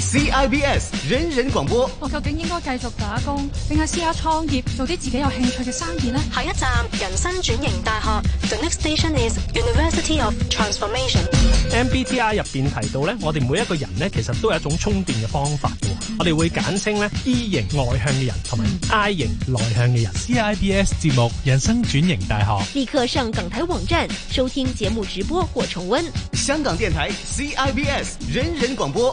CIBS 人人廣播，我究竟應該繼續打工，定係試下創業做啲自己有興趣嘅生意呢？下一站人生轉型大學。The next station is University of Transformation。MBTI 入邊提到咧，我哋每一個人咧，其實都有一種充電嘅方法的、嗯。我哋會簡稱咧 E 型外向嘅人同埋 I 型內向嘅人、嗯。CIBS 節目人生轉型大學，立刻上港台網站收聽節目直播或重溫。香港電台 CIBS 人人廣播。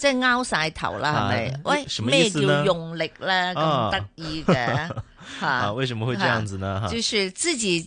即係拗晒頭啦，係咪、啊？喂，咩叫用力咧？咁得意嘅吓，為什麼會這樣子呢？啊、就是自己。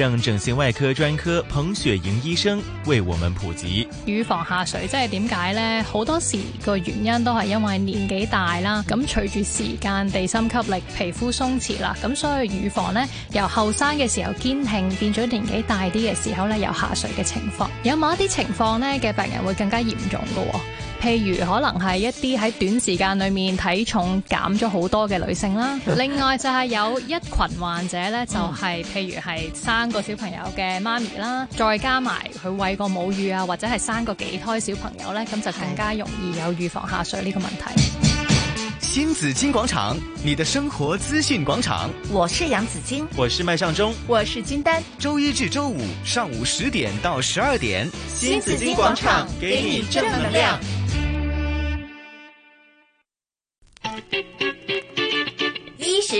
讓整形外科專科彭雪瑩醫生為我們普及乳房下垂。即係點解呢？好多時個原因都係因為年紀大啦，咁隨住時間地心吸力、皮膚鬆弛啦，咁所以乳房呢，由後生嘅時候堅挺，變咗年紀大啲嘅時候呢，有下垂嘅情況。有某一啲情況呢嘅病人會更加嚴重噶喎。譬如可能係一啲喺短時間裏面體重減咗好多嘅女性啦，另外就係有一群患者咧，就係譬如係生個小朋友嘅媽咪啦，再加埋佢餵過母乳啊，或者係生過幾胎小朋友咧，咁就更加容易有預防下垂呢個問題。新紫金廣場，你的生活資訊廣場。我是楊子矜，我是麥尚中，我是金丹。周一至周五上午十點到十二點，新紫金廣場，給你正能量。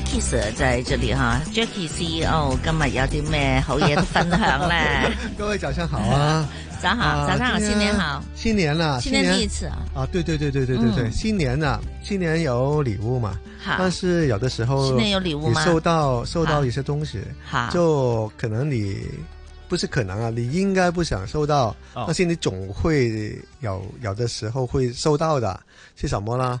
Jackie 就喺這裏哈，Jackie CEO 今日有啲咩好嘢分享咧？ 各位早上好啊， 早上好，早上好，新年好，新年啦、啊，新年第一次啊，啊，對對對對對對對、嗯，新年啊！新年有禮物嘛？好，但是有的時候，新年有禮物你收到收到一些東西，好，好就可能你不是可能啊，你應該不想收到，哦、但是你總會有有的時候會收到的，是什麼呢？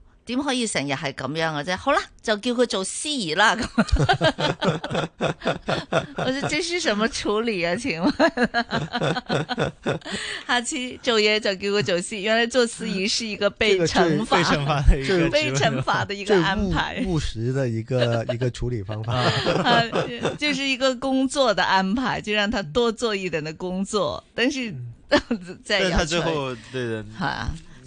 點可以成日係咁樣嘅啫？好啦，就叫佢做司儀啦。 我說這是什麼處理啊？請問下次，做 嘢就，就叫我做司儀，原來做司儀是一個被懲罰、這個、被懲罰的一個、被懲罰的一個，一個安排務，務實的一個 一個處理方法、 啊，就是一個工作的安排，就讓他多做一點的工作，但是、嗯、 再但他最後對對，好啊。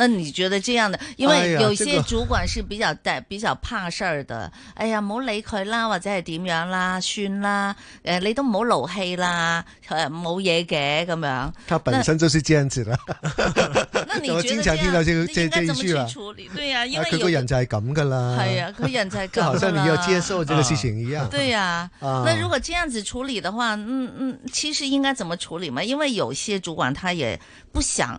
那你覺得這樣的，因為有些主管是比較帶、哎、比較怕事兒的、這個。哎呀，唔好理佢啦，或者係點樣啦，算啦，誒、呃，你都唔好勞氣啦，誒、呃，冇嘢嘅咁樣。他本身就是這樣子啦。那， 那你覺得這樣？我經常聽到這這這這應該怎麼去處理？對呀、啊，因為他、啊、個人就係咁噶啦。係啊，個人就係咁，好像你要接受這個事情一樣。啊、對呀、啊啊。那如果這樣子處理的話，嗯嗯，其實應該怎麼處理嘛？因為有些主管他也不想。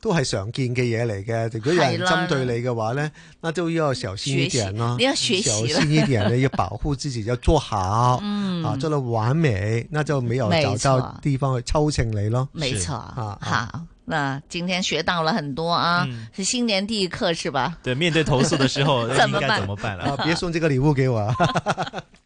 都係常見嘅嘢嚟嘅，如果有人針對你嘅話呢，那就要小心一點呢啲人咯，你要小心一點呢，你要保護自己， 要做好嗯啊，做到完美，那就沒有找到地方去抽秤你咯，沒錯，啊，好，那今天學到了很多啊，嗯、是新年第一課，是吧？ 對，面對投訴的時候， 怎麼辦？應該怎麼辦了啊，別送這個禮物給我。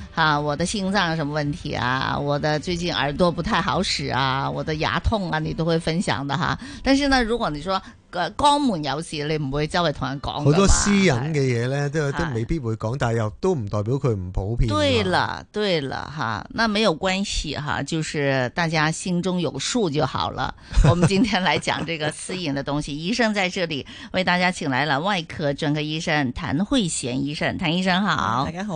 哈、啊，我的心臟有什麼問題啊？我的最近耳朵不太好使啊，我的牙痛啊，你都會分享的哈。但是呢，如果你說肛門有事，你唔會周圍同人講。好多私隱嘅嘢呢，都都未必會講，但係又都唔代表佢唔普遍。對了對了哈，那沒有關係哈，就是大家心中有數就好了。 我們今天來講這個私隱的東西， 醫生在這裏為大家請來了外科專科醫生譚慧賢醫生，譚醫生好，大家好。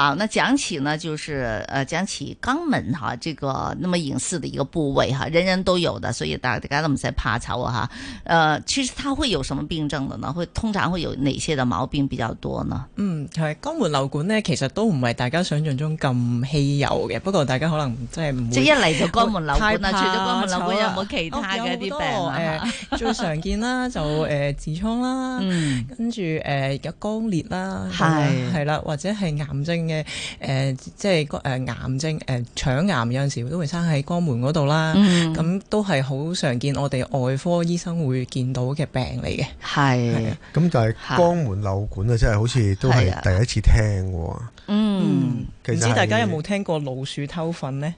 好，那講起呢，就是，誒、呃，講起肛門哈、啊，這個那麼隱私的一個部位哈、啊，人人都有的，所以大家都唔使怕醜啊，誒，其實它會有什麼病症的呢？會通常會有哪些的毛病比較多呢？嗯，係肛門瘻管呢，其實都唔係大家想象中咁稀有嘅，不過大家可能真係唔會即係一嚟就肛門瘻管啊，除咗肛門瘻管有冇其他嘅一啲病啊？誒、哦 呃，最常見啦，就誒痔瘡啦，嗯，跟住誒有肛裂啦，係係啦，或者係癌症。嘅誒、呃，即係誒、呃，癌症誒，腸、呃、癌有陣時都會生喺肛門嗰度啦，咁、嗯、都係好常見，我哋外科醫生會見到嘅病嚟嘅。係是，咁就係肛門瘺管啊，真係好似都係第一次聽嘅、啊。嗯，唔知大家有冇聽過老鼠偷糞咧？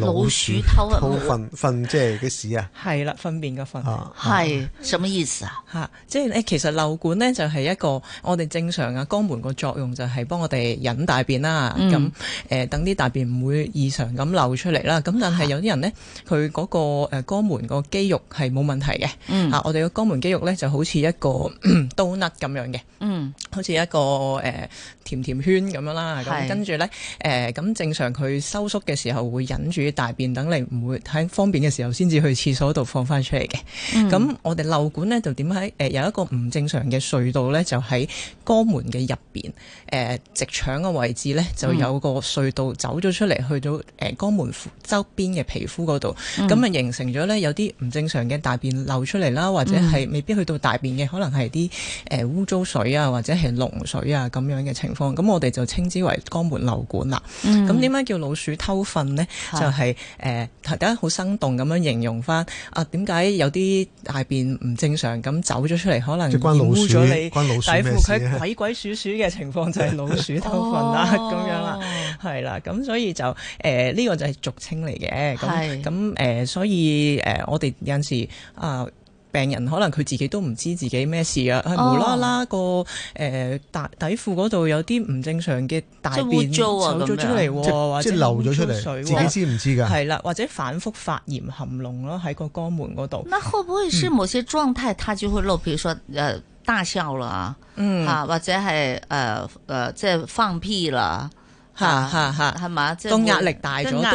老鼠偷糞糞即係嘅屎啊？係啦，糞便個糞係什麼意思啊？吓、啊，即係其實瘻管咧就係一個我哋正常啊肛門個作用就係幫我哋引大便啦。咁、嗯、誒、呃，等啲大便唔會異常咁漏出嚟啦。咁但係有啲人咧，佢嗰個誒肛門個肌肉係冇問題嘅。嗯啊，啊，我哋個肛門肌肉咧就好似一個刀粒咁樣嘅。嗯，好似一個誒。呃甜甜圈咁樣啦，咁跟住咧，誒，咁、呃、正常佢收縮嘅時候會忍住大便，等你唔會喺方便嘅時候先至去廁所度放翻出嚟嘅。咁、嗯、我哋漏管咧就點解誒有一個唔正常嘅隧道咧，就喺肛門嘅入邊誒直腸嘅位置咧就有個隧道走咗出嚟、嗯，去到誒肛門周邊嘅皮膚嗰度，咁、嗯、啊形成咗咧有啲唔正常嘅大便漏出嚟啦，或者係未必去到大便嘅、嗯，可能係啲誒污糟水啊，或者係膿水啊咁樣嘅情況。咁我哋就稱之為肛門瘺管啦。咁點解叫老鼠偷瞓咧？就係、是、誒，大家好生動咁樣形容翻啊，點解有啲大便唔正常咁走咗出嚟，可能就污咗你，抵觸佢鬼鬼鼠鼠嘅情況就係老鼠偷瞓啦，咁、哦、樣啦，係啦。咁所以就誒，呢、呃這個就係俗稱嚟嘅。咁咁誒，所以誒、呃，我哋有陣時啊。呃病人可能佢自己都唔知自己咩事啊，係無啦啦個誒大、呃、底褲嗰度有啲唔正常嘅大便手啊，咗出嚟，或者是流咗出嚟，自己知唔知㗎？係啦，或者反覆發炎含膿咯，喺個肛門嗰度。那會唔會是某些狀態下、啊嗯、就會漏，譬如誒大笑啦，嚇、嗯啊、或者係誒誒即係放屁啦。吓吓吓，係、啊、嘛、就是，壓力大咗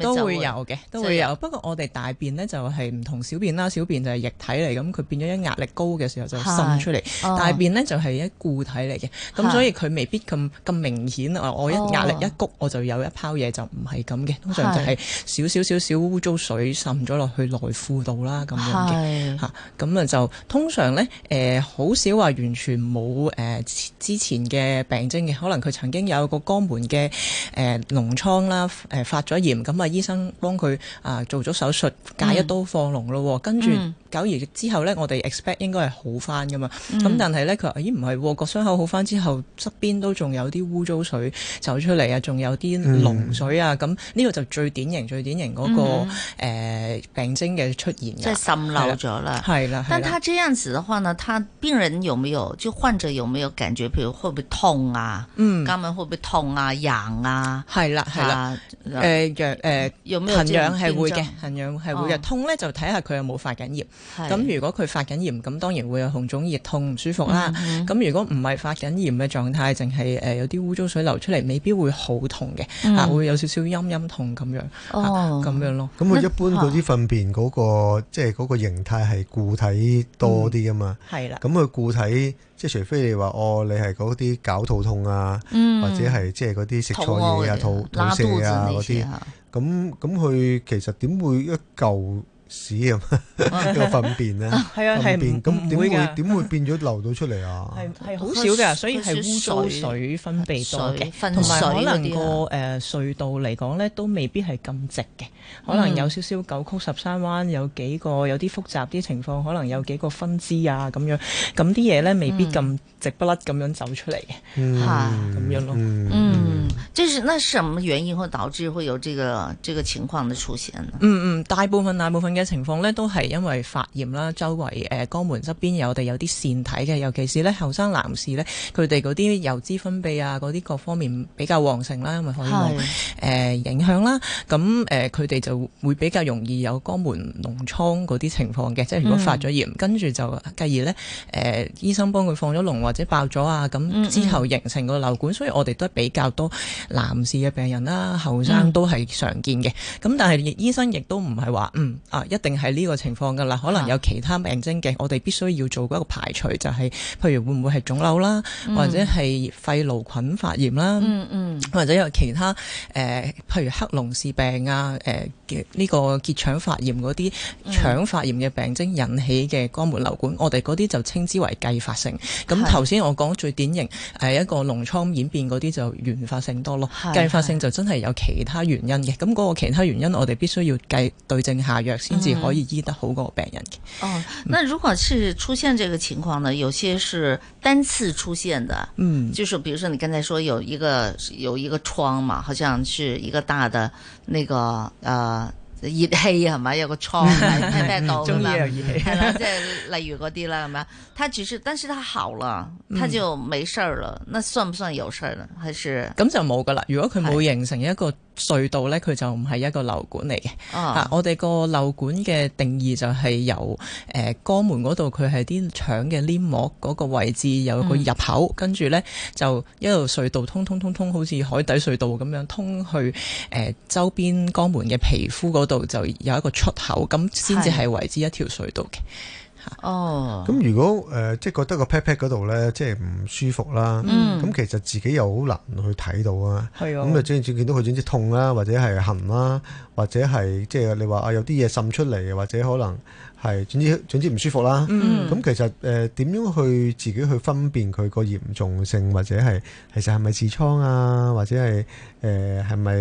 都會都有嘅，都會有。不過我哋大便咧就係唔同小便啦，小便就係液體嚟，咁佢變咗一壓力高嘅時候就滲出嚟。大便咧就係一固體嚟嘅，咁所以佢未必咁咁明顯啊！我一壓力一谷我就有一泡嘢就唔係咁嘅，通常就係少少少少污糟水滲咗落去內褲度啦咁樣嘅吓。咁啊就通常咧呃、好少話完全冇、呃、之前嘅病徵嘅，可能佢曾經有個肛門。嘅誒膿瘡啦誒、呃、發咗炎，咁啊醫生幫佢啊、呃、做咗手術，解一刀放膿咯。跟住久而之後咧，我哋 expect 應該係好翻噶嘛。咁、嗯、但係咧，佢話咦唔係，個、啊、傷口好翻之後，側邊都仲有啲污糟水走出嚟啊，仲有啲膿水啊。咁、嗯、呢、啊、個就最典型、最典型嗰、那個、嗯呃、病徵嘅出現、啊，即係滲漏咗啦。係啦，但他嗰陣時嘅話呢，他病人有沒有就患者有沒有感覺，譬如會唔會痛啊？嗯，肛門會唔會痛啊？癢啊，係啦係啦，誒藥誒，痕癢係會嘅，痕癢係會嘅、哦。痛咧就睇下佢有冇發緊炎，咁如果佢發緊炎，咁當然會有紅腫熱痛唔舒服啦。咁、嗯、如果唔係發緊炎嘅狀態，淨係誒有啲污糟水流出嚟，未必會好痛嘅、嗯，啊會有少少陰陰痛咁樣，吓、哦、咁、啊、樣咯。咁佢一般嗰啲糞便嗰、那個即係嗰個形態係固體多啲噶嘛？係、嗯、啦。咁佢固體即係、就是、除非你話哦，你係嗰啲搞肚痛啊，嗯、或者係即係。就是嗰啲食錯嘢啊、肚肚瀉啊嗰啲，咁咁佢其實點會一嚿屎咁嘅糞便咧，糞便咁點會點會，會變咗流到出嚟啊？係係好少嘅，所以係污糟水分泌多嘅，同埋可能個誒隧道嚟講咧都未必係咁直嘅、嗯，可能有少少九曲十三彎，有幾個有啲複雜啲情況，可能有幾個分支啊咁樣，咁啲嘢咧未必咁直不甩咁樣走出嚟，嘅、嗯。係咁樣咯。嗯，即、嗯就是那什麼原因會導致會有這個這個情況的出現呢？嗯嗯，大部分大部分嘅。嘅情況咧，都係因為發炎啦，周圍誒肛、呃、門側邊有我哋有啲腺體嘅，尤其是咧後生男士咧，佢哋嗰啲油脂分泌啊，嗰啲各方面比較旺盛啦，因為可以誒、呃、影響啦。咁佢哋就會比較容易有肛門膿瘡嗰啲情況嘅，即係如果發咗炎，嗯、跟住就繼而咧誒、呃、醫生幫佢放咗膿或者爆咗啊，咁之後形成個漏管嗯嗯，所以我哋都比較多男士嘅病人啦，後生都係常見嘅。咁、嗯、但係醫生亦都唔係話嗯啊。一定係呢個情況㗎啦，可能有其他病徵嘅、啊，我哋必須要做一個排除，就係、是、譬如會唔會係腫瘤啦，嗯、或者係肺癆菌發炎啦，嗯嗯或者有其他、呃、譬如克隆氏病啊、呃呢、這個結腸發炎嗰啲腸發炎嘅病徵引起嘅肛門瘺管，嗯、我哋嗰啲就稱之為繼發性。咁頭先我講最典型係一個膿瘡演變嗰啲就原發性多咯，繼發性就真係有其他原因嘅。咁嗰、那個其他原因，我哋必須要計對症下藥先至可以醫得好嗰個病人嘅、嗯嗯。哦，那如果是出現這個情況呢？有些是單次出現的，嗯，就是，比如說你剛才說有一個有一個瘡嘛，好像是一個大的那個，呃。熱氣係咪，有個瘡咩咩到噶嘛，係 啦，即係、 就是、例如嗰啲啦，咁樣，他只是，但是他好了，他就沒事了，那算不算有事呢？還是咁就冇噶啦，如果佢冇形成一個。隧道呢，佢就唔係一個瘻管嚟嘅。Oh. 啊，我哋個瘻管嘅定義就係由誒肛、呃、門嗰度，佢係啲腸嘅黏膜嗰個位置，有個入口，跟、mm. 住呢，就一路隧道，通通通通，好似海底隧道咁樣通去誒、呃、周邊肛門嘅皮膚嗰度，就有一個出口，咁先至係為之一條隧道嘅。哦，咁如果誒即係覺得個 pat pat 嗰度咧，即係唔舒服啦，咁、嗯、其實自己又好難去睇到啊。係啊，咁啊，只只見到佢只只痛啦，或者係痕啦，或者係即係你話啊，有啲嘢滲出嚟，或者可能。係，總之總之唔舒服啦。咁、嗯、其實誒點、呃、樣去自己去分辨佢個嚴重性，或者係其實係咪痔瘡啊，或者係誒係咪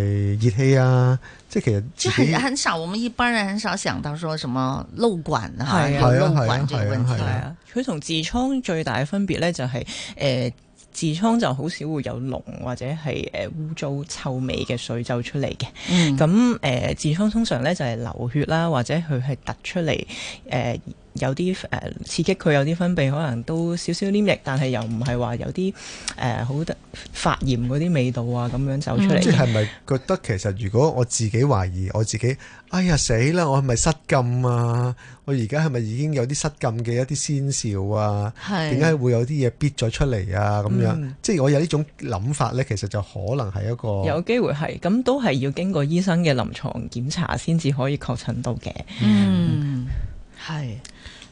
熱氣啊？即係其實即係，很少，我們一般人很少想到說什麼漏管啊，啊漏管症狀啊。佢同、啊啊啊、痔瘡最大嘅分別咧就係、是、誒。呃痔瘡就好少會有膿，或者係誒污糟臭味嘅水走出嚟嘅，咁、嗯、誒、呃、痔瘡通常咧就係、是、流血啦，或者佢係突出嚟誒。呃有啲誒刺激佢有啲分泌，可能都少少黏液，但係又唔係話有啲誒、呃、好得發炎嗰啲味道啊，咁樣走出嚟、嗯。即係係咪覺得其實如果我自己懷疑我自己，哎呀死啦！我係咪失禁啊？我而家係咪已經有啲失禁嘅一啲先兆啊？點解會有啲嘢憋咗出嚟啊？咁樣、嗯？即係我有這種想法呢種諗法咧，其實就可能係一個有機會是，係咁，都係要經過醫生嘅臨床檢查先至可以確診到嘅。嗯。嗯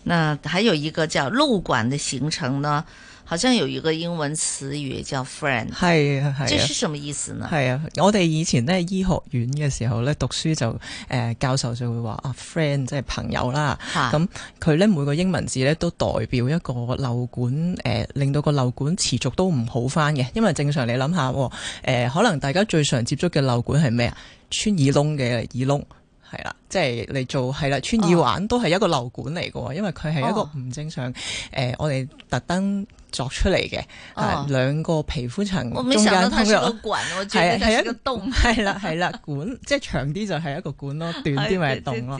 那還有一個叫瘻管的形成呢，好像有一個英文詞語叫 friend，係啊係、啊、這是什麼意思呢？係啊，啊，我哋以前呢醫學院嘅時候呢讀書就誒、呃、教授就會話啊 friend 即係朋友啦，咁佢、啊嗯、呢每個英文字呢都代表一個瘻管誒，令到個瘻管持續都唔好翻嘅，因為正常你諗下誒，可能大家最常接觸嘅瘻管係咩啊？穿耳窿嘅耳窿。嗯。係啦、就是 oh. oh. 呃 oh. 啊， 即係你做係啦，穿耳環都係一個瘻管嚟嘅，因為佢係一個唔正常誒，我哋特登作出嚟嘅，兩個皮膚層中間通一個管，係係一、, 這個啊、一個洞，係啦係啦管，即係長啲就係一個管咯，短啲咪係洞咯，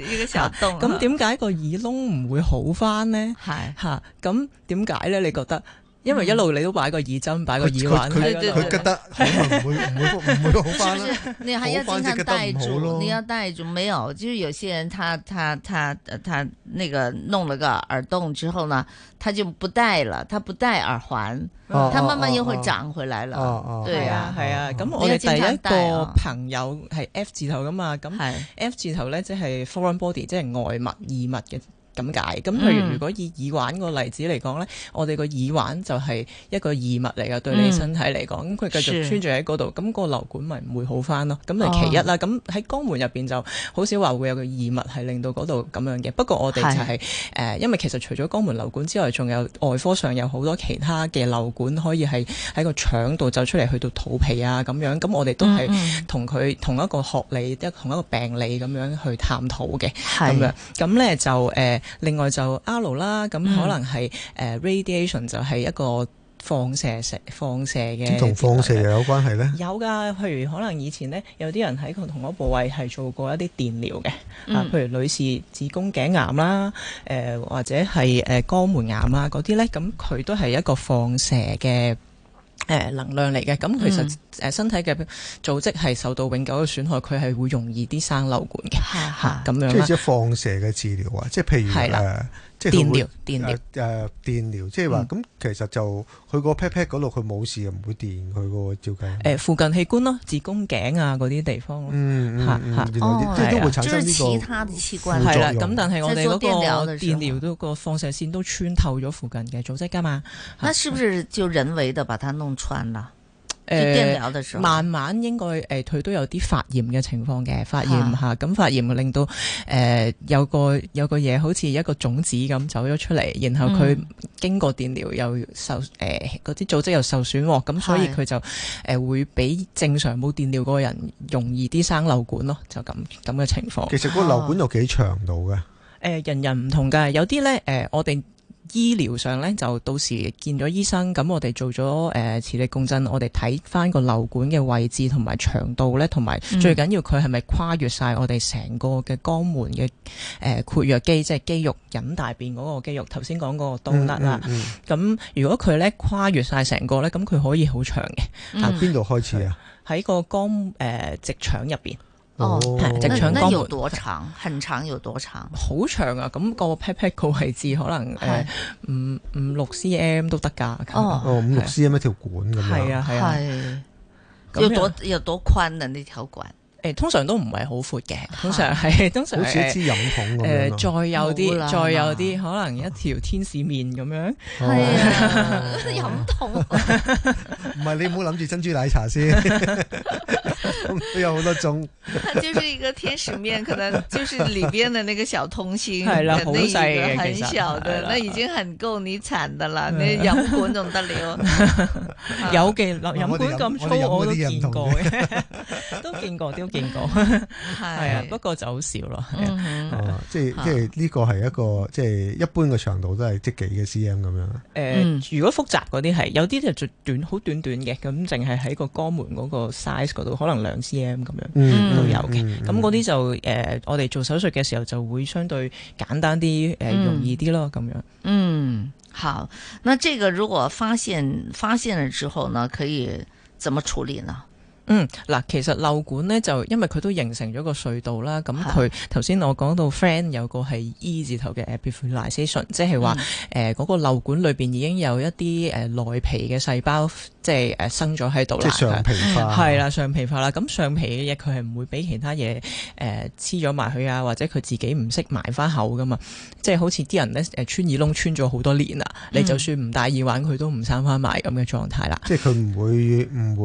咁點解個耳窿唔會好返咧？係 吓，咁點解咧？你覺得？因為一路你都擺個耳針，擺、嗯、個耳環，佢佢佢覺得，可能唔會唔 會唔會，會好翻、啊、你係要經常戴住咯，你要戴住沒有？就有些人他，他他他他，他那個弄了個耳洞之後呢，他就不戴了，他不戴耳環、啊，他慢慢又會長回來了。哦、啊、哦，對啊，係啊。咁、啊啊啊啊、我嘅第一個朋友係 F 字頭噶嘛，咁、啊、F 字頭咧即係 foreign body，即係外物異物嘅。咁解咁，譬如如果以耳環個例子嚟講咧，我哋個耳環就係一個異物嚟㗎、嗯，對你身體嚟講，咁佢繼續穿住喺嗰度，咁、那個瘺管咪唔會好返咯。咁就其一啦，咁喺肛門入面就好少話會有個異物係令到嗰度咁樣嘅。不過我哋就係因為其實除咗肛門瘺管之外，仲有外科上有好多其他嘅瘺管可以係喺個腸度走出嚟，去到肚皮啊咁樣。咁我哋都係同佢同一個學理，即、嗯嗯、同一個病理咁樣去探討嘅咁樣。咁咧就、呃另外就 R 啦，咁可能係 Radiation 就係一個放射放射嘅，同放射又有關係呢？有㗎，譬如可能以前呢，有啲人喺同同一部位係做過一啲電療嘅，啊、嗯，譬如女士子宮頸癌啦、呃，或者係肛門癌啊嗰啲咧，咁佢都係一個放射嘅。誒能量嚟嘅，咁其實誒身體嘅組織係受到永久嘅損害，佢係會容易啲生瘺管嘅，咁、嗯、樣即係即放射嘅治療啊，即係譬如療即係電療，誒，電療、啊啊，即係話，咁、嗯、其實就佢個 pat pat 嗰度佢冇事，唔會電佢噶喎，照計。誒、欸，附近器官咯，子宮頸啊嗰啲地方咯，嗯，吓、嗯、吓，即係都會產生呢個係、就是啊、啦。咁但係我哋嗰個電療都個放射線都穿透咗附近嘅組織噶嘛？那、啊、是不是就人為的把它弄穿啦？呃、慢慢應該，誒、呃，佢都有啲發炎嘅情況嘅發炎下，咁發炎令到，誒、呃，有個有個嘢好似一個種子咁走咗出嚟，然後佢經過電療又受，誒、嗯，嗰、呃、啲組織又受損喎，咁、呃、所以佢就誒、呃、會比正常冇電療嗰個人容易啲生漏管咯，就咁咁嘅情況。其實個漏管有幾長度㗎？誒、哦呃，人人唔同㗎，有啲咧，誒、呃，我哋。醫療上咧就到時見咗醫生，咁我哋做咗誒、呃、磁力共振，我哋睇翻個漏管嘅位置同埋長度咧，同埋最緊要佢係咪跨越晒我哋成個嘅肛門嘅誒括約肌，即係肌肉引大便嗰個肌肉。頭先講嗰個都得啦，咁、嗯嗯嗯、如果佢咧跨越晒成個咧，咁佢可以好長嘅。喺邊度開始啊？喺個肛誒、呃、直腸入邊。哦，直腸肛門多長，很長有多長？好長啊！咁個 pet pet 個位置可能誒五五六 cm 都得噶。哦，五六 cm 一條管咁樣。係啊係。咁要多又多寬啊！呢條管誒通常都唔係好闊嘅。通常係，通常好似支飲筒。咁再有啲，再有啲，可能一條天使麵咁樣。係啊，飲筒。唔係你唔好諗住珍珠奶茶先，都 有好多種。就是一個天使麵，可能就是裏邊的那個小通錢，係 啦，好細很小的，那已經很夠你慘的了啦。你飲管仲得了， 有嘅飲、啊、管咁粗我，我，飲飲我都見過嘅， 都見過，都見過，係 是啊， 不過就好少咯、嗯啊啊啊。即係即係呢個係一個即係一般嘅長度都係即係幾嘅 C M 咁樣。誒、呃嗯，如果複雜嗰啲係，有啲就最短，好短，短。嘅、嗯、咁，淨係喺個肛門嗰個 size 嗰度，可能兩 cm 咁樣都有嘅。咁嗰啲就誒，我哋做手術嘅時候就會相對簡單啲，誒，容易啲咯，咁樣。嗯，好。那這個如果發現發現了之後呢，可以怎麼處理呢？嗯，嗱，其實瘻管呢，就因為佢都形成咗個隧道啦。咁佢頭先我講到 friend 有個係 E 字頭嘅誒 epithelialization 即係話誒嗰、呃那個瘻管裏邊已經有一啲誒內皮嘅細胞。即係誒生咗喺度啦，係啦，上皮化啦。咁上皮嘅嘢佢係唔會畀其他嘢誒黐咗埋佢啊，或者佢自己唔識埋翻口噶嘛。即係好似啲人咧誒穿耳窿穿咗好多年啊、嗯，你就算唔戴耳環，佢都唔生翻埋咁嘅狀態啦、嗯。即係佢唔會唔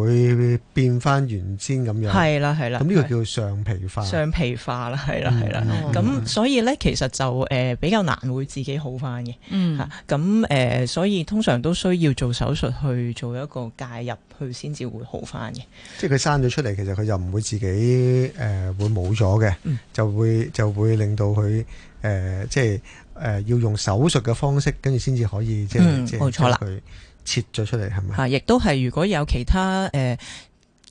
會變翻原先咁樣。係啦係啦。咁呢個叫上皮化。上皮化啦，係啦係啦。咁、嗯嗯、所以咧其實就誒、呃、比較難會自己好翻嘅。嗯。咁、啊、誒、呃、所以通常都需要做手術去做一個。介入去先至會好翻嘅，即係佢生咗出嚟，其實佢就唔會自己誒、呃、會冇咗嘅，就會就會令到佢誒、呃、即係誒、呃、要用手術嘅方式，跟住先至可以即係即係冇錯啦，佢切咗出嚟，係咪？吓、啊，亦都係如果有其他誒、呃、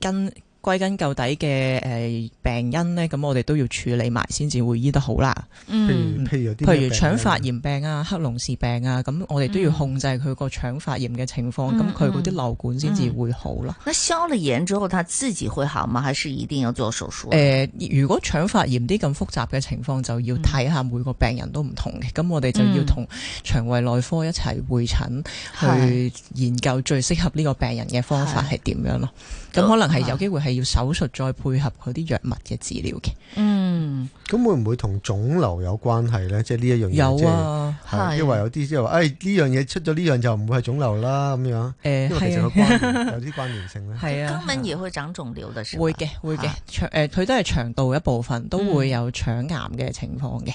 跟。歸根究底嘅誒病因，咧，咁我哋都要處理埋先至會醫得好啦。嗯，譬如譬如啲譬如腸發炎病啊、克隆氏病啊，咁、嗯、我哋都要控制佢個腸發炎嘅情況，咁佢嗰啲瘻管先至會好啦、嗯嗯。那消了炎之後，他自己會好嗎？還是一定要做手術？誒、呃，如果腸發炎啲咁複雜嘅情況，就要睇下每個病人都唔同嘅，咁、嗯、我哋就要同腸胃內科一齊會診，去研究最適合呢個病人嘅方法係點樣咯。咁可能係有機會係要手術再配合佢啲藥物嘅治療嘅、嗯。嗯，咁會唔會同腫瘤有關係咧？即係呢一樣嘢，有啊因為有啲即係話，呢樣嘢出咗呢樣就唔會係腫瘤啦咁樣。誒、呃，因為其實有啲關聯，有啲關聯性咧。係啊，肛門、嗯啊、也會長腫瘤嘅，先會嘅會嘅佢、呃、都係腸道一部分都會有腸癌嘅情況嘅。咁、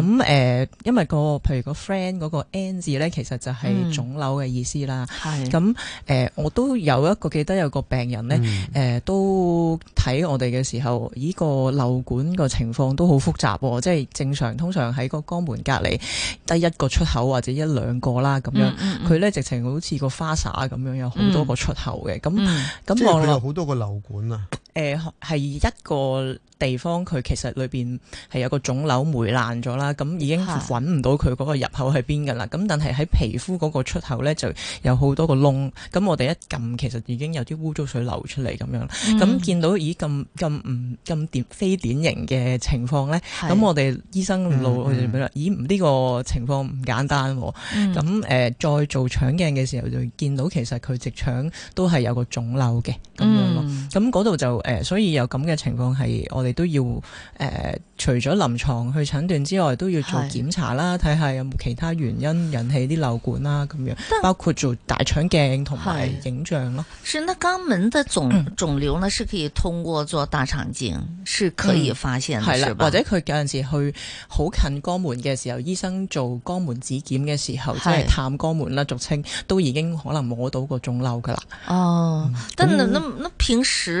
嗯嗯、因為、嗰個譬如個 friend 嗰個 N 字咧，其實就係腫瘤嘅意思啦。係、嗯。咁、嗯呃、我都有一個記得有個病人咧。誒、嗯呃，都睇我哋嘅時候，呢、這個瘺管個情況都好複雜、哦，即係正常，通常喺個肛門隔籬得一個出口或者一兩個啦，咁樣，佢、嗯嗯、呢直情好似個花灑咁樣，有好多個出口嘅，咁咁望落。即係佢有好多個瘺管啊。誒、呃、係一個地方，佢其實裏面係有個腫瘤糜爛咗啦，咁已經揾唔到佢嗰個入口喺邊㗎啦。咁但係喺皮膚嗰個出口咧，就有好多個窿，咁、嗯、我哋一撳，其實已經有啲污糟水流出嚟咁樣。咁、嗯嗯、見到咦咁咁唔咁典非典型嘅情況咧，咁我哋醫生老誒咦呢、這個情況唔簡單。咁、嗯、誒、呃、再做腸鏡嘅時候就見到其實佢直腸都係有個腫瘤嘅咁樣咯。咁嗰度就。誒、呃，所以有咁嘅情況係，我哋都要誒、呃，除咗臨床去診斷之外，都要做檢查啦，睇下有冇其他原因引起啲漏管啦，咁樣包括做大腸鏡同埋影像咯。是，是那肛門嘅腫腫、嗯、瘤呢，係可以通過做大腸鏡係可以發現的，係、嗯、啦，或者佢有陣時去好近肛門嘅時候，醫生做肛門指檢嘅時候，是即係探肛門啦，俗稱都已經可能摸到個腫瘤㗎喇。哦，嗯、但係那那,那平時。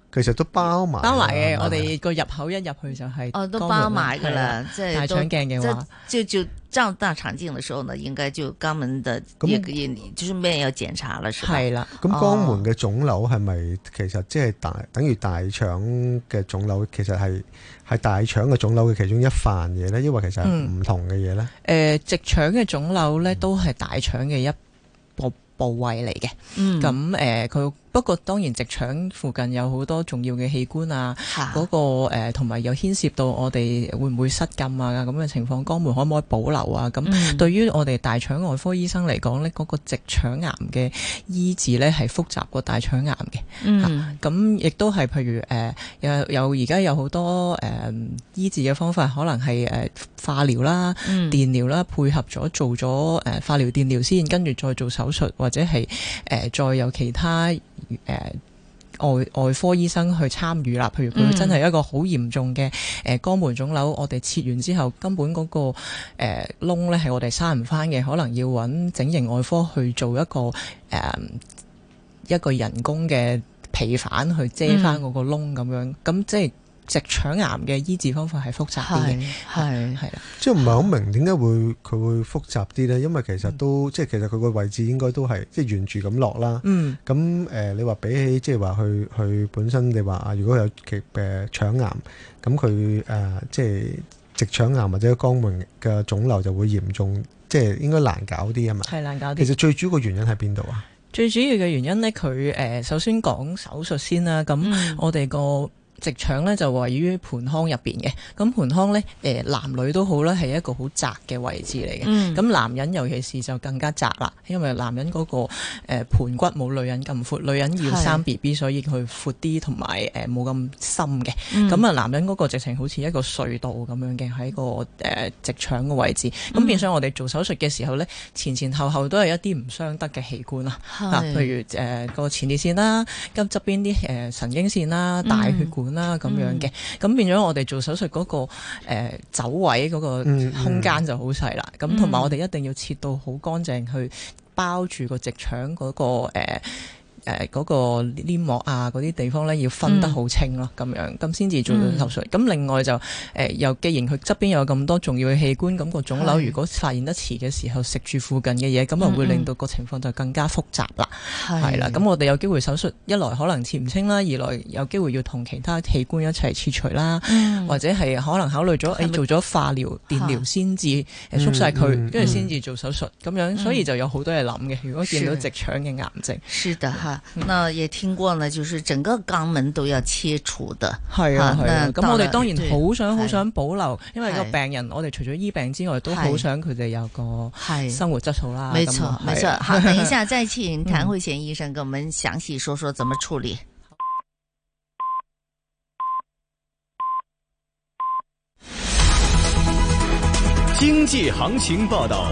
其實都包埋，包埋嘅、啊。我哋個入口一入去就係，哦，都包埋噶啦，即係、啊、大腸鏡嘅話，照照揸大腸鏡嘅時候，呢應該就肛門嘅，咁亦即係咩有檢查啦，係啦。咁肛、啊哦、門嘅腫瘤係咪其實即係大，等於大腸嘅腫瘤，其實係係大腸嘅腫瘤嘅其中一番嘢咧，因為其實係唔同嘅嘢咧。誒、嗯呃，直腸嘅腫瘤咧、嗯、都係大腸嘅一部部位嚟嘅。嗯，咁、嗯、誒，佢、呃。它不過當然直腸附近有好多重要嘅器官啊，嗰、啊那個同埋又牽涉到我哋會唔會失禁啊，咁嘅情況，肛門可唔可以保留啊？咁、嗯、對於我哋大腸外科醫生嚟講呢，嗰個直腸癌嘅醫治呢係複雜過大腸癌嘅。咁、嗯、亦、啊、都係譬如誒、呃，有有而家有好多誒、呃、醫治嘅方法，可能係誒、呃、化療啦、嗯、電療啦，配合咗做咗誒、呃、化療電療先，跟住再做手術，或者係誒、呃、再有其他。誒、呃，外外科醫生去參與啦，譬如佢真係一個好嚴重嘅誒肛門腫瘤，我哋切完之後，根本嗰、那個誒窿咧，係我哋閂唔翻嘅，可能要揾整形外科去做一個誒、呃、一個人工嘅皮瓣去遮翻嗰個窿咁樣，咁、嗯、即係。直腸癌嘅醫治方法係複雜啲嘅，係係、嗯、即係唔係好明點解會佢會複雜啲咧？因為其實都、嗯、即係其實佢個位置應該都係即係沿住咁落啦。嗯，咁誒、呃，你話比起即係話佢佢本身你話啊，如果有誒腸癌咁佢誒即係直腸癌或者肛門嘅腫瘤就會嚴重，即係應該難搞啲啊嘛。係難搞啲。其實最主要嘅原因喺邊度啊？最主要嘅原因咧，佢誒首先講手術先啦。咁我哋個直腸咧就位於盆腔入邊嘅，咁盆腔咧誒男女都好啦，係一個好窄嘅位置嚟嘅。咁、嗯、男人尤其是就更加窄啦，因為男人嗰個誒盆骨冇女人咁闊，女人要生 B B 所以佢闊啲同埋誒冇咁深嘅。咁、嗯、啊男人嗰個直情好似一個隧道咁樣嘅喺個誒直腸嘅位置，咁、嗯、變相我哋做手術嘅時候咧前前後後都係一啲唔相得嘅器官啦，嚇，譬如誒個前列腺啦，咁側邊啲誒神經線啦、大血管。嗯嗯啦咁樣嘅，咁、嗯、變咗我哋做手術嗰、嗰個、呃、走位嗰個空間就好細啦。咁同埋我哋一定要切到好乾淨，去包住個直腸嗰、嗰個、呃誒、呃，嗰、那個黏膜啊，嗰啲地方咧要分得好清咯，咁、嗯、樣咁先至做到手術。咁、嗯、另外就誒，又、呃、既然佢側邊有咁多重要嘅器官，咁、那個腫瘤如果發現得遲嘅時候，食住附近嘅嘢，咁、嗯、啊、嗯、會令到個情況就更加複雜啦。係啦，咁我哋有機會手術一來可能切唔清啦，二來有機會要同其他器官一齊切除啦、嗯，或者係可能考慮咗誒做咗化療、電療先至縮晒佢，跟住先至做手術咁樣、嗯，所以就有好多嘢諗嘅。如果見到直腸嘅癌症，嗯、那也聽過呢，就是整個肛門都要切除的，係啊，咁、啊、我哋當然好想好想保留，因為個病人我哋除咗醫病之外，都好想佢哋有個係生活質素啦。沒錯，沒錯，沒錯。好， 等一下再請譚慧賢醫生跟我們詳細說說怎麼處理。嗯、經濟行情報道。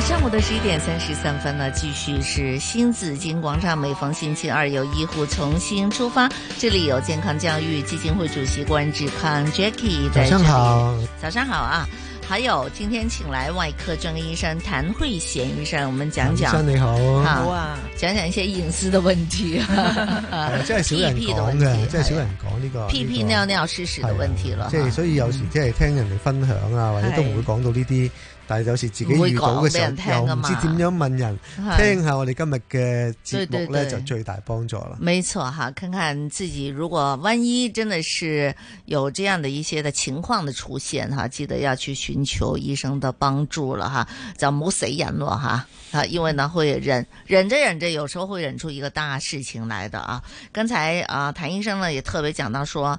啊、上午的十一點三十三分呢，繼續是新紫金廣場。每逢星期二有醫護重新出發，這裏有健康教育基金會主席關志康 Jackie，早上好，早上好啊！還有今天請來外科張醫生譚慧賢醫生，我們講講。醫生你好，好啊，講講一些隱私的問題。哈 哈， 即係少人講嘅，即係少人講呢、這個屁屁、這個、尿尿事實的問題咯。即係、啊就是、所以有時即係聽人哋分享啊，嗯、或者都唔會講到呢啲。但係有時自己遇到嘅時候聽的嘛，又唔知點樣問人，聽下我哋今日嘅節目咧就最大幫助啦。沒錯吓，看看自己如果萬一真的是有這樣的一些的情況的出現，哈，記得要去尋求醫生的幫助了哈，就冇死人哈，啊，因為呢會忍忍着忍着，有時候會忍出一個大事情來的啊。剛才啊譚醫生呢也特別講到說。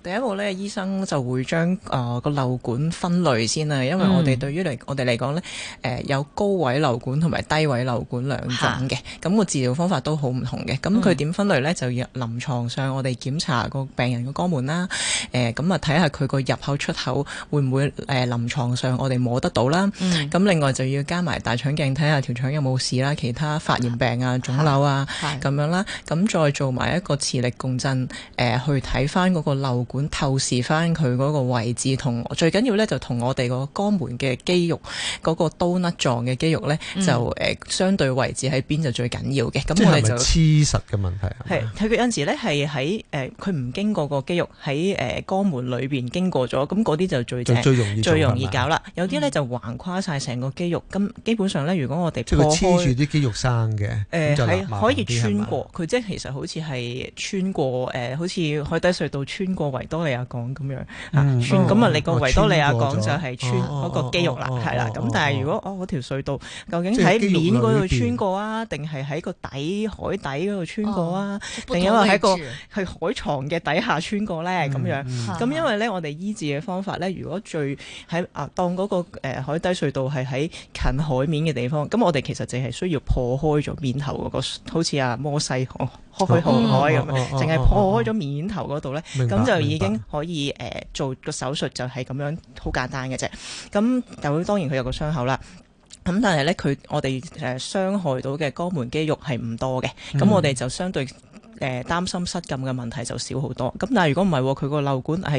第一步咧，醫生就會將誒個漏管分類先啦，因為我哋對於嚟我哋嚟講咧，誒、呃、有高位漏管同埋低位漏管兩種嘅，咁個治療方法都好唔同嘅。咁佢點分類咧，就要臨床上我哋檢查個病人個肛門啦，誒咁啊睇下佢個入口出口會唔會誒臨床上我哋摸得到啦。咁另外就要加埋大腸鏡睇下條腸有冇事啦，其他發炎病啊、腫瘤啊咁樣啦，咁再做埋一個磁力共振誒、呃、去睇翻嗰個漏管。管透視翻佢嗰個位置，同最緊要咧就同我哋個肛門嘅肌肉嗰、那個冬甩狀嘅肌肉咧、嗯，就誒相對位置喺邊就最緊要嘅。咁、嗯、我哋就黐實嘅問題，係係佢有陣時咧係喺誒佢唔經過個肌肉喺誒肛門裏邊經過咗，咁嗰啲就最最，最容易最容易搞啦。有啲咧就橫跨晒成個肌肉，咁基本上咧，如果我哋破黐住啲肌肉生嘅，誒、呃、喺可以穿過佢，即係其實好似係穿過誒、呃、好似海底隧道穿過。維多利亞港咁樣、嗯、啊，穿咁啊，你個維多利亞港就係穿嗰個肌肉啦，係、啊、啦。咁、啊啊啊啊啊、但係如果、啊啊、哦，嗰條隧道究竟喺、啊啊、面嗰度穿過啊，定係喺個底海底嗰度、啊、穿過啊？定因為喺個去海床嘅底下穿過咧？咁、啊啊、樣咁，嗯啊、因為咧我哋醫治嘅方法咧，如果最喺啊，當嗰個誒海底隧道係喺近海面嘅地方，咁我哋其實淨係需要破開咗面頭嗰個，好似啊摩西哦。啊去嗯嗯嗯嗯嗯、破開紅海咁樣，淨係破開咗面頭嗰度咧，咁就已經可以誒、呃、做個手術就，就係咁樣好簡單嘅啫。咁有當然佢有個傷口啦，咁但係咧佢我哋誒傷害到嘅肛門肌肉係唔多嘅，咁我哋就相對，誒擔心失禁嘅問題就少好多，咁但係如果唔係喎，佢個漏管喺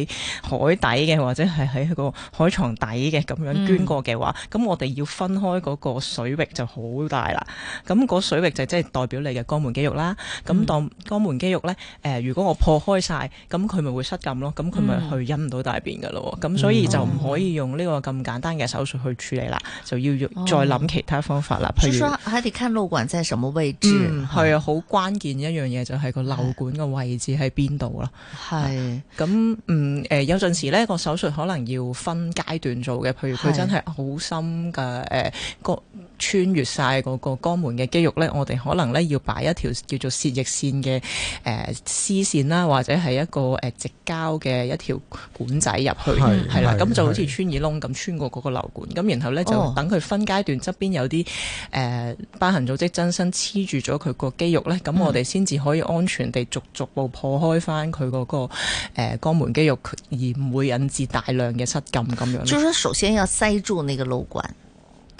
海底嘅，或者係喺個海床底嘅咁樣捐過嘅話，咁、嗯、我哋要分開嗰個水域就好大啦。咁嗰水域就即係代表你嘅肛門肌肉啦。咁、嗯、當肛門肌肉呢，誒、呃、如果我破開晒，咁佢咪會失禁咯？咁佢咪去飲唔到大便㗎咯？咁、嗯、所以就唔可以用呢個咁簡單嘅手術去處理啦、嗯，就要再諗其他方法啦。譬、哦、如還得看漏管在什麼位置。嗯，係啊，好關鍵一樣嘢就係、是。個瘻管嘅位置喺邊度啦？係咁、啊、嗯誒、呃，有陣時咧個手術可能要分階段做嘅，譬如佢真係好深嘅，誒、個、呃、穿越晒嗰個肛門嘅肌肉咧，我哋可能咧要擺一條叫做泄液綫嘅，誒絲綫啦，或者係一個誒、呃、直膠嘅一條管仔入去係啦，咁就好似穿耳窿咁穿過嗰個瘻管，咁然後咧、哦、就等佢分階段側邊有啲誒疤痕組織真身黐住咗佢個肌肉咧，咁我哋先至可以安。安全地逐逐步破開翻佢嗰個誒肛門肌肉，而唔會引致大量嘅失禁咁樣。就係話首先要塞住嗰個瘻管。